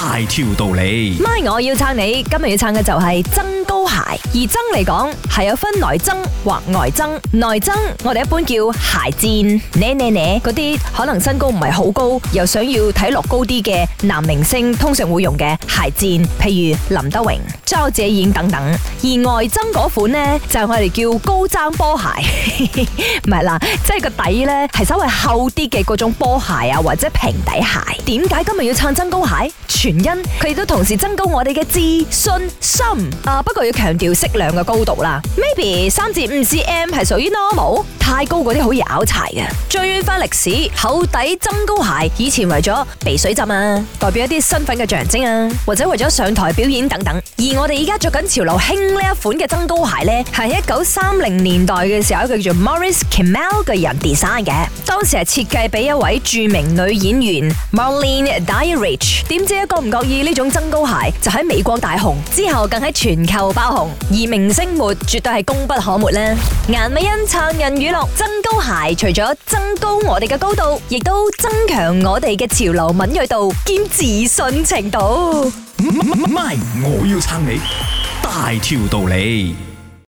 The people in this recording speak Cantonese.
大條道理，MY 我要撐你。今日要撐嘅就係增高鞋，而增嚟講係有分內增或外增。內增我哋一般叫鞋墊，呢呢呢，嗰啲可能身高唔係好高，又想要睇落高啲嘅男明星，通常會用嘅鞋墊，譬如林德榮、周姐演等等。而外增嗰款呢，就係，我哋叫高踭波鞋，唔 係啦，即係個底呢，係稍微厚啲嘅嗰種波鞋啊，或者平底鞋。點解今日要撐增高鞋？原因佢亦都同時增高我哋嘅自信心啊！不過要強調適量嘅高度啦。Maybe 三至五 cm 係屬於 normal，太高嗰啲好易拗柴嘅。追翻歷史，厚底增高鞋以前為咗避水浸啊，代表一啲身份嘅象徵啊，或者為咗上台表演等等。而我哋而家着緊潮流興呢一款嘅增高鞋咧，係喺一九三零年代嘅時候，一個叫做 Maurice Kemell 嘅人 design 嘅。當時係設計俾一位著名女演員 Marlene Dietrich 點知一個唔覺意呢種增高鞋就喺美國大紅，之後更喺全球爆紅，而明星沒絕對係功不可沒呢。顏美欣撐人語錄：增高鞋除咗增高我哋嘅高度，亦都增強我哋嘅潮流敏銳度兼自信程度。唔係，我要撐你，大條道理。